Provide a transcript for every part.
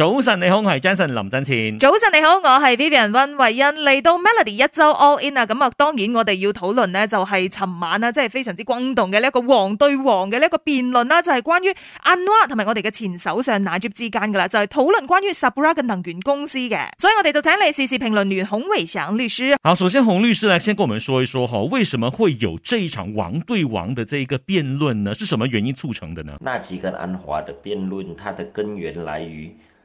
早晨，你好，我係 Jason 林振前。早晨，你好，我係 Vivian 溫慧欣。嚟到 Melody 一周 All In 啊，咁啊，當然我哋要討論呢，就係、是、尋晚啦、啊，即係非常之轟動嘅呢一個王對王嘅呢一個辯論啦，就係、是、關於安華同埋我哋嘅前首相納吉之間噶啦，就係討論關於 Subra 嘅能源公司嘅。所以我哋就請嚟時事評論員孔維祥律師。好，首先洪律師咧，先跟我們說一說哈，為什麼會有這一場王對王的這一個辯論呢？是什麼原因促成的呢？納吉跟安華嘅辯論，它的根源來於，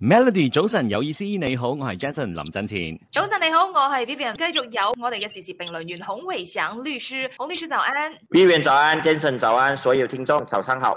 Melody，早晨有意思，你好，我是 Jason 林振前。早晨你好，我是 Vivian。繼續有我哋嘅時事評論員孔維祥律師，孔律師早安。Vivian 早安，Jason 早安，所有聽眾早上好。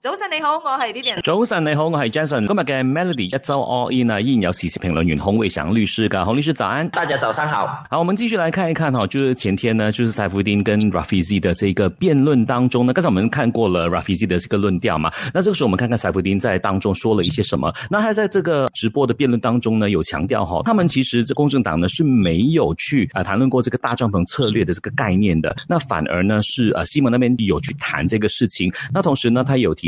早晨你好，我係呢邊。早晨你好，我係 Jason。今日嘅 Melody 一周 All In 啊，依然有時事評論員洪偉祥律師噶，洪律師早安。大家早上好。好，我們繼續來看一看哈，就是前天呢，就是賽夫丁跟 Rafizi 的這個辯論當中呢，剛才我們看過了 Rafizi 的這個論調嘛，那這個時候我們看看賽夫丁在當中說了一些什麼。那他在這個直播的辯論當中呢，有強調哈、哦，他們其實這公正黨呢是沒有去啊談論過這個大帳篷策略的這個概念的，那反而呢是啊希盟那邊有去談這個事情。那同時呢，他有提。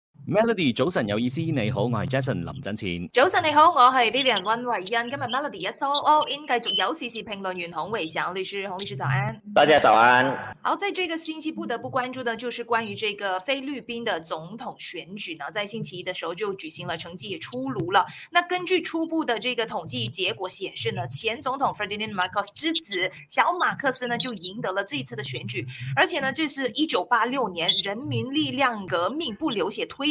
Melody，早晨有意思，你好，我係 Jason 林振錢。早晨你好，我係 Vivian 溫慧欣。今日 Melody 一周 All In，繼續有時事評論員洪偉祥律師，洪律師早安。大家早安。好，在這個星期不得不關注的，就是關於這個菲律賓的總統選舉呢，在星期一的時候就舉行了，成績也出爐了。那根據初步的這個統計結果顯示呢，前總統 Ferdinand Marcos 之子小馬克思呢就贏得了這一次的選舉，而且呢，這、就是一九八六年人民力量革命不流血推。